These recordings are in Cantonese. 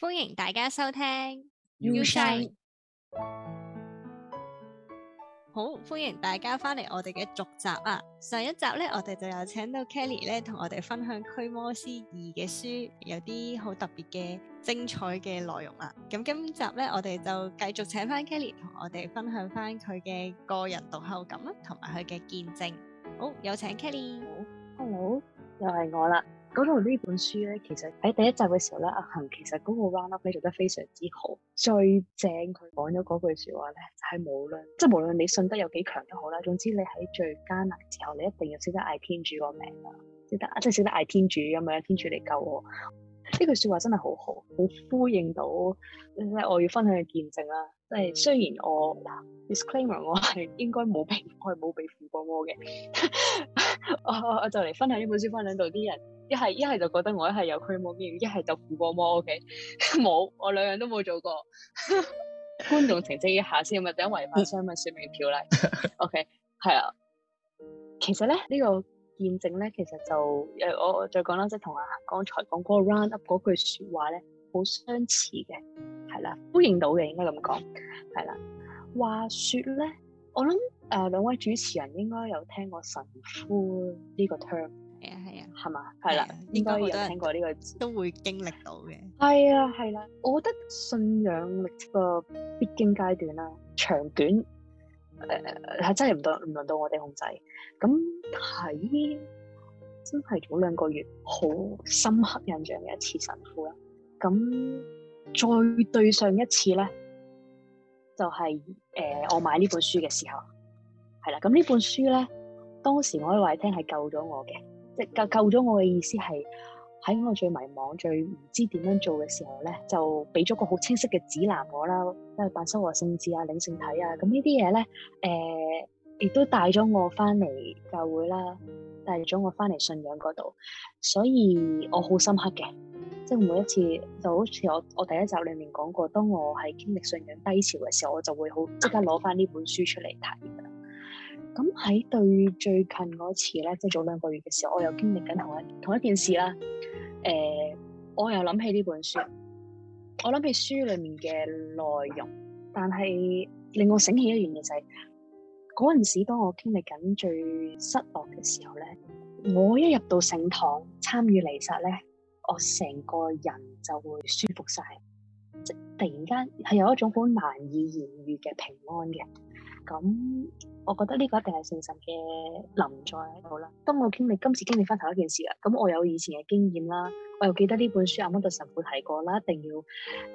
歡迎大家收聽，好歡迎大家翻嚟我哋嘅續集啊。上一集咧，我哋就有請到 Kelly 咧，同我哋分享《驅魔師二》嘅書，有啲好特別嘅精彩嘅內容啦、啊。咁今集咧，我哋就繼續請翻 Kelly 同我哋分享翻佢嘅個人讀後感啦、啊，同埋佢嘅見證。好，有請 Kelly。好，Hello，又係我啦。嗰度呢本書咧，其實喺第一集嘅時候咧，阿恒其實嗰個 run up 咧做得非常之好。最正佢講咗嗰句説話咧，就係、是、無論即係無論你信得有幾強都好啦，總之你喺最艱難時候，你一定要識得嗌天主個名啊，識得即係識得嗌天主咁樣，天主嚟救我。呢句説話真係好好，好呼應到咧、嗯、我要分享嘅見證啦、啊。即係雖然我嗱、mm hmm. Disclaimer，我係應該冇俾我係冇俾附過魔嘅，我 我就嚟分享呢本書，分享到啲人一係一係就覺得我一係有驅魔經驗，一係就附過魔，O K，冇，我兩樣都冇做過。 觀眾澄清一下先，咪係等違法商品說明條例。O K，係啊。其實咧呢、這個見證咧，其實就誒我再講啦，即係同阿剛才講嗰個 round up 嗰句說話咧。好相似嘅，係啦，呼應到嘅應該咁講，係啦。話說咧，我諗誒兩位主持人應該有聽過神父呢個 term，係啊係啊，係嘛，係啦，應該有聽過呢個，都會經歷到嘅。係啊係啦，我覺得信仰力個必經階段啦，長短，誒、呃、係真係唔到唔輪到我哋控制。咁睇，真係早兩個月好深刻印象嘅一次神父啦。咁再對上一次咧，就係、是、誒、呃、我買呢本書嘅時候，係啦。咁呢本書咧，當時我可以話係聽係救咗我嘅，即係救救咗我嘅意思係喺我最迷惘、最唔知點樣做嘅時候咧，就俾咗個好清晰嘅指南我啦，因係辦修和聖事啊、領聖體啊，咁呢啲嘢咧，誒、呃、亦都帶咗我返嚟教會啦。帶咗我翻嚟信仰嗰度，所以我好深刻嘅，即係每一次就好似我我第一集裏面講過，當我係經歷信仰低潮嘅時候，我就會好即刻攞翻呢本書出嚟睇。咁喺對最近嗰次咧，即係早兩個月嘅時候，我又經歷緊同一同一件事啦。誒、呃，我又諗起呢本書，我諗起書裏面嘅內容，但係令我醒起一樣嘢就係、是。嗰陣時，當我經歷緊最失落嘅時候咧，我一入到聖堂參與彌撒咧，我成個人就會舒服晒。即突然間係有一種好難以言喻嘅平安嘅。咁，我覺得呢個一定係聖神嘅臨在喺度啦。當我經歷今次經歷翻頭一件事啊，咁我有以前嘅經驗啦，我又記得呢本書阿摩特神父提過啦，一定要誒、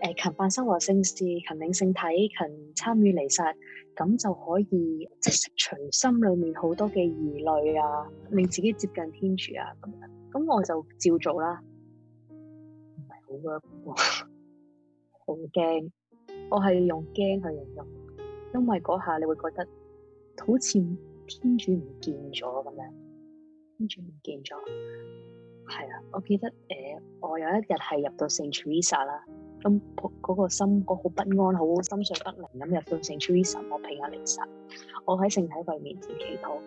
呃、勤辦修和聖事、勤領聖體、勤參與彌撒，咁就可以即係除心裏面好多嘅疑慮啊，令自己接近天主啊咁樣。咁我就照做啦，唔係好 work，好驚，我係用驚去形容。因為嗰下你會覺得好似天主唔見咗咁樣，天主唔見咗，係啊！我記得誒、呃，我有一日係入到聖 t r i s a 啦，咁嗰、嗰個心嗰好、嗰個、不安，好心緒不寧咁入到聖 t r i s a 我平下嚟實，我喺聖體櫃面前祈禱，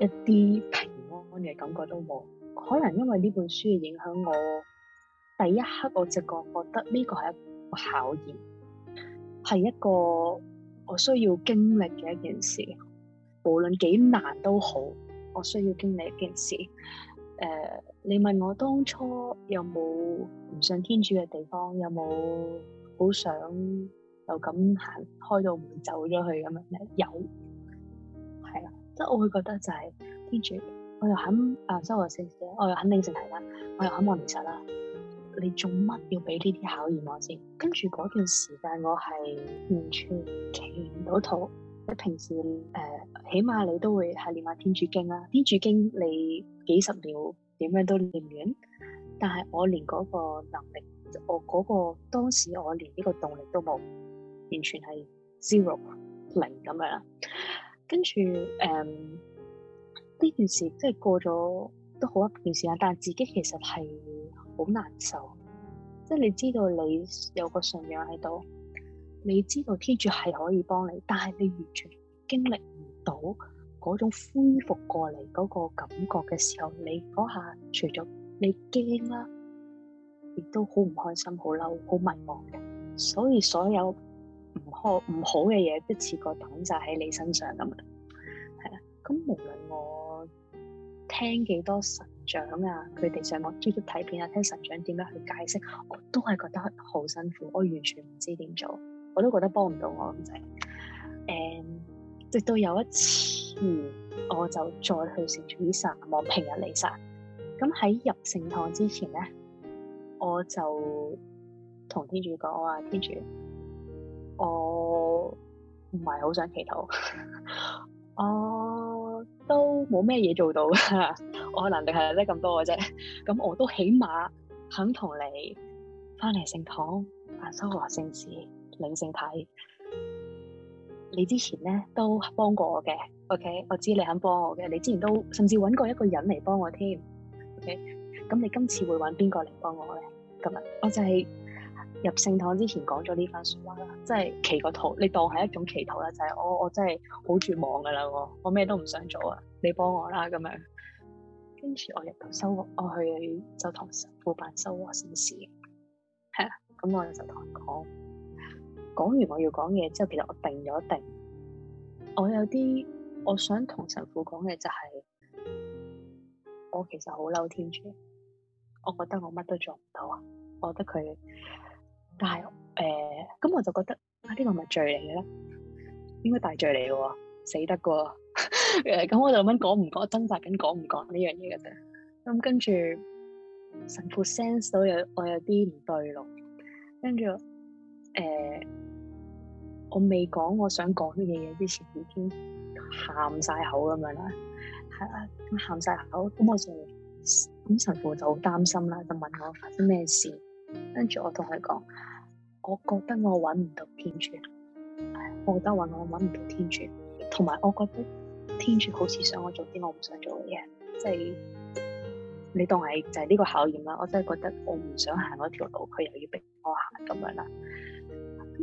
一啲平安嘅感覺都冇。可能因為呢本書嘅影響我，我第一刻我直覺覺得呢、呢個係一個考驗，係一個。我需要經歷嘅一件事，無論幾難都好，我需要經歷一件事。誒、呃，你問我當初有冇唔信天主嘅地方，有冇好想就咁行開到門走咗去咁樣咧？有，係啦，即係我會覺得就係、是、天主，我又肯啊修羅聖者，我又肯定性係啦，我又肯望現實啦。你做乜要俾呢啲考驗我先？跟住嗰段時間，我係完全企唔到肚。即平時誒、呃，起碼你都會係念下天主經啦、啊。天主經你幾十秒點樣都念唔完，但係我連嗰個能力，我嗰、嗰個當時我連呢個動力都冇，完全係 zero 零咁樣啦。跟住誒呢段時，即係過咗都好一段時間，但係自己其實係，好難受，即係你知道你有個信仰喺度，你知道天主係可以幫你，但係你完全經歷唔到嗰種恢復過嚟嗰個感覺嘅時候，你嗰下除咗你驚啦，亦都好唔開心、好嬲、好迷茫嘅。所以所有唔開唔好嘅嘢，一次過桶晒，喺你身上咁樣，係啊。咁無論我聽幾多神、獎啊！佢哋上網 YouTube 睇片啊，聽神長點樣去解釋，我都係覺得好辛苦，我完全唔知點做，我都覺得幫唔到我咁滯。誒、就是，And，直到有一次，我就再去聖主醫生望平日李生，咁喺入聖堂之前咧，我就同天主講：我話天主，我唔係好想祈禱。 我。都冇咩嘢做到嘅，我能力係真係咁多嘅啫。咁我都起碼肯同你翻嚟聖堂、阿修和聖子領聖體。你之前咧都幫過我嘅，OK，我知你肯幫我嘅。你之前都甚至揾過一個人嚟幫我添，OK。咁你今次會揾邊個嚟幫我咧？今日我就係、是。入聖堂之前講咗呢番說話啦，即係祈個禱，你當係一種祈禱啦，就係、是、我我真係好絕望噶啦，我我咩都唔想做啊，你幫我啦咁樣。跟住我入到修和，我去就同神父辦修和聖事，係 啦、嗯。咁我就同佢講，講完我要講嘢之後，其實我定咗定，我有啲我想同神父講嘅就係、是、我其實好嬲，天主，我覺得我乜都做唔到啊，我覺得佢。但係，誒、呃，咁、嗯、我就覺得啊，呢個咪罪嚟嘅，應該大罪嚟嘅喎，死得嘅喎。咁、 嗯嗯、我就諗緊講唔講，掙扎緊講唔講呢樣嘢嘅啫。咁、嗯、跟住神父 sense 到有、呃，我有啲唔對路。跟住，誒，我未講我想講嘅嘢之前，已經喊晒口咁樣啦，係、嗯、啊，喊晒口。咁我就，咁神父就好擔心啦，就問我發生咩事。跟住我同佢講，我覺得我搵唔到天主，我覺得搵我搵唔到天主，同埋我覺得天主好似想我做啲我唔想做嘅嘢，即係你當係就係、是、呢個考驗啦。我真係覺得我唔想行嗰條路，佢又要逼我行咁樣啦。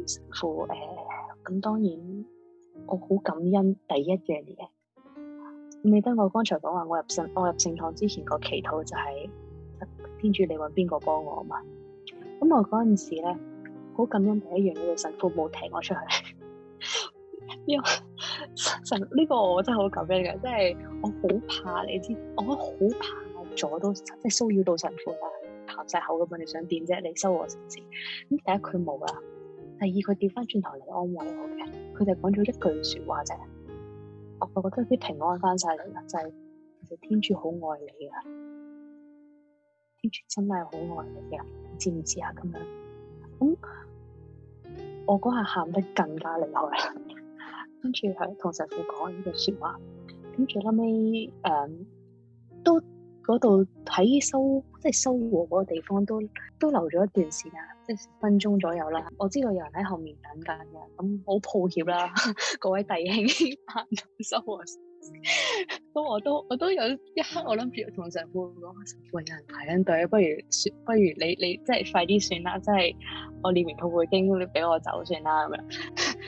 師誒，咁、呃、當然我好感恩第一嘅嘢。你等我剛才講話，我入聖我入聖堂之前個祈禱就係、是、天主，你搵邊個幫我啊嘛？咁我嗰陣時咧，好感恩第一樣，神父冇踢我出去， 因為神呢、這個我真係好感恩嘅，即係我好怕你知，我好怕我阻到，即係騷擾到神父啦，含晒口咁啊！你想點啫？你收我先。錢？咁第一佢冇啦，第二佢調翻轉頭嚟安慰我嘅，佢就講咗一句說話啫，我就覺得啲平安翻晒嚟啦，就係其實天主好愛你啊，天主真係好愛你嘅。知唔知啊？咁樣咁，我嗰下喊得更加厲害啦。跟住係同神父講呢句說話，跟住後尾誒、嗯，都嗰度喺收即係收禾嗰個地方都，都都留咗一段時間，即係分鐘左右啦。我知道有人喺後面等緊嘅，咁好抱歉啦， 各位弟兄，呵呵，收禾。 都我都我都有一刻我諗住同神父講，神父，有人排緊隊，不如不如你你即係快啲算啦，即係我念完《痛悔經》你俾我走算啦咁樣。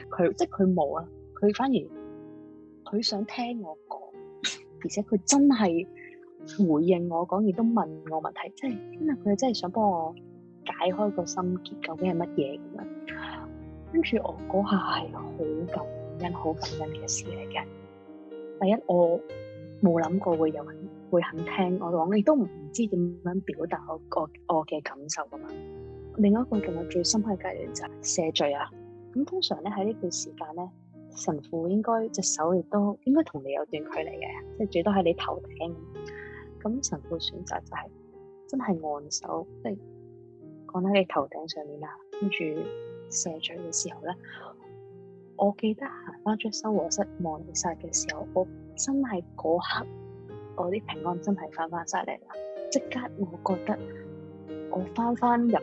佢 即係佢冇啦，佢反而佢想聽我講，而且佢真係回應我講，亦都問我問題，即係真係佢真係想幫我解開個心結，究竟係乜嘢咁樣。跟住我嗰下係好感恩、好感恩嘅事嚟嘅。第一，我冇諗過會有人會肯聽我講，你都唔知點樣表達我個我嘅感受啊嘛。另外一個令我最深刻嘅階段就係赦罪啦、啊。咁、嗯、通常咧喺呢段時間咧，神父應該隻手亦都應該同你有段距離嘅，即係最多喺你頭頂。咁、嗯、神父選擇就係真係按手，即係講喺你頭頂上面啦，跟住赦罪嘅時候咧。我記得行翻出收穫室望你晒嘅時候，我真係嗰刻，我啲平安真係返翻晒嚟啦！即刻我覺得我翻翻入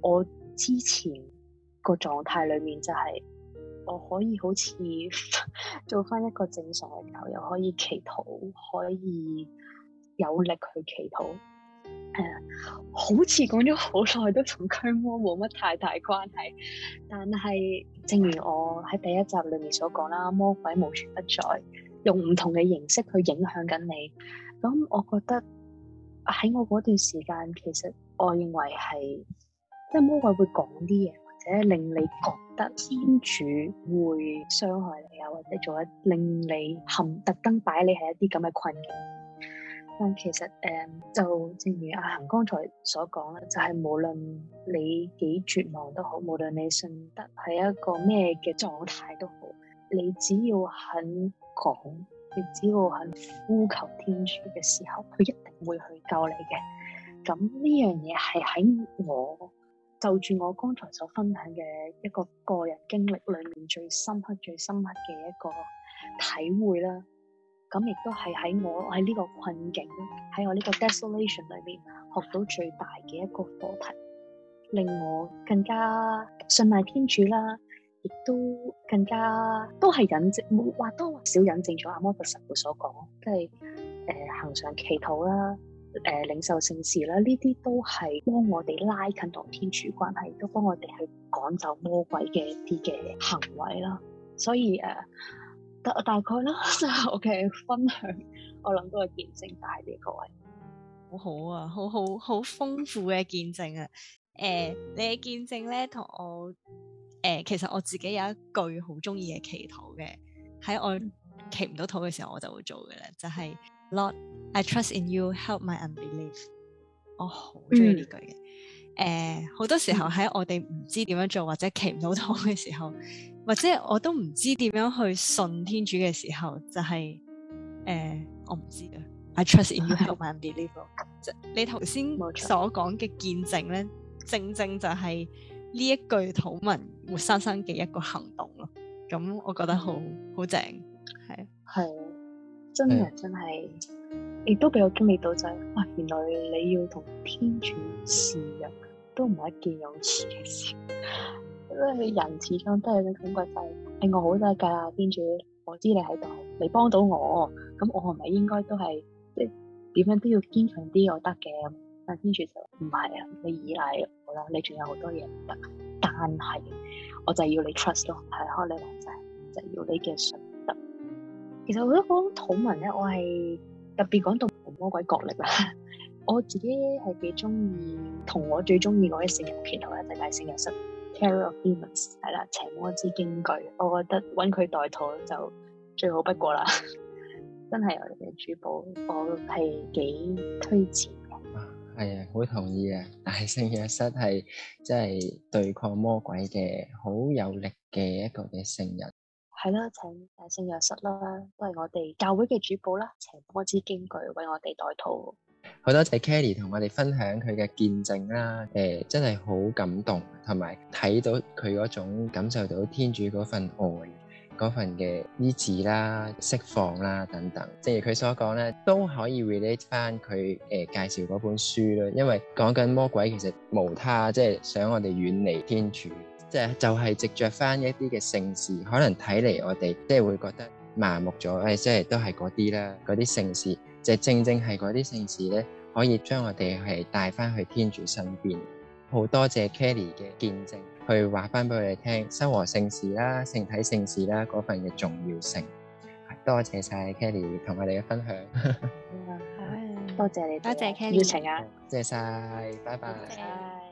我之前個狀態裏面，就是，就係我可以好似 做翻一個正常嘅教友，可以祈禱，可以有力去祈禱。誒，uh, 好似講咗好耐都同驅魔冇乜太大關係，但係正如我喺第一集裏面所講啦，魔鬼無處不在，用唔同嘅形式去影響緊你。咁、嗯、我覺得喺我嗰段時間，其實我認為係，即係魔鬼會講啲嘢，或者令你覺得天主會傷害你啊，或者做一令你含特登擺你喺一啲咁嘅困境。但、嗯、其實誒、嗯，就正如阿恒剛才所講啦，就係、是、無論你幾絕望都好，無論你信德係一個咩嘅狀態都好，你只要肯講，你只要肯呼求天主嘅時候，佢一定會去救你嘅。咁、嗯、呢樣嘢係喺我就住我剛才所分享嘅一個個人經歷裏面最深刻、最深刻嘅一個體會啦。咁亦都係喺我喺呢個困境，喺我呢個 desolation 裏面學到最大嘅一個課題，令我更加信賴天主啦，亦都更加都係引證，冇話多話少引證咗阿摩西神父所講，即係誒行上祈禱啦，誒、呃，領受聖事啦，呢啲都係幫我哋拉近同天主關係，都幫我哋去趕走魔鬼嘅一啲嘅行為啦，所以誒。呃大大概啦，最後嘅分享，我諗都係見證大啲。各位，好好啊，好好好豐富嘅見證啊！誒、呃，你嘅見證咧，同我誒、呃，其實我自己有一句好中意嘅祈禱嘅，喺我祈唔到禱嘅時候，我就會做嘅啦，就係、是、Lord，I trust in you，help my unbelief。我好中意呢句嘅，誒、嗯，好、呃、多時候喺我哋唔知點樣做或者祈唔到禱嘅時候。或者我都唔知點樣去信天主嘅時候，就係、是、誒、呃，我唔知嘅。I trust in you, help a v and deliver。即係你頭先所講嘅見證咧，正正就係呢一句禱文活生生嘅一個行動咯。咁我覺得好好正，係係真嘅，真係亦的都俾我經歷到就係、是，哇！原來你要同天主示弱，都唔係一件有恥嘅事。因為你人始終都係你感覺就係，係我好得㗎。天主，我知你喺度，你幫到我，咁我係咪應該都係即點樣都要堅強啲，我得嘅？但天主就唔係啊，你依賴我啦，你仲有好多嘢唔得，但係我就要你 trust 咯，係開你話齋，就要你嘅信得。其實我覺得土文咧，我係特別講到魔鬼角力啦， 我自己係幾中意同我最中意嗰一聖人片頭，其後嘅大大聖人室。係啦，邪魔之驚懼，我覺得揾佢代禱就最好不過啦、 啊，真係我哋嘅主保，我係幾推薦嘅。啊，係啊，好同意啊！大聖若瑟係真係對抗魔鬼嘅好有力嘅一個嘅聖人。係啦，請大聖若瑟啦，都係我哋教會嘅主保啦，邪魔之驚懼為我哋代禱。好多謝 Kelly 同我哋分享佢嘅見證啦，誒、呃，真係好感動，同埋睇到佢嗰種感受到天主嗰份愛、嗰份嘅醫治啦、釋放啦等等。正如佢所講咧，都可以 relate 翻佢誒、呃、介紹嗰本書啦，因為講緊魔鬼其實無他，即、就、係、是，想我哋遠離天主，即係就係、是、藉着翻一啲嘅聖事，可能睇嚟，我哋即係會覺得麻木咗，誒、呃，即、就、係、是、都係嗰啲啦，嗰啲聖事。就正正係嗰啲聖事咧，可以將我哋係帶翻去天主身邊。好多謝 Kelly 嘅見證，去話翻俾我哋聽，生活聖事啦、聖體聖事啦嗰份嘅重要性。多謝晒 Kelly 同我哋嘅分享。多謝你，多謝 Kelly，謝晒，拜拜。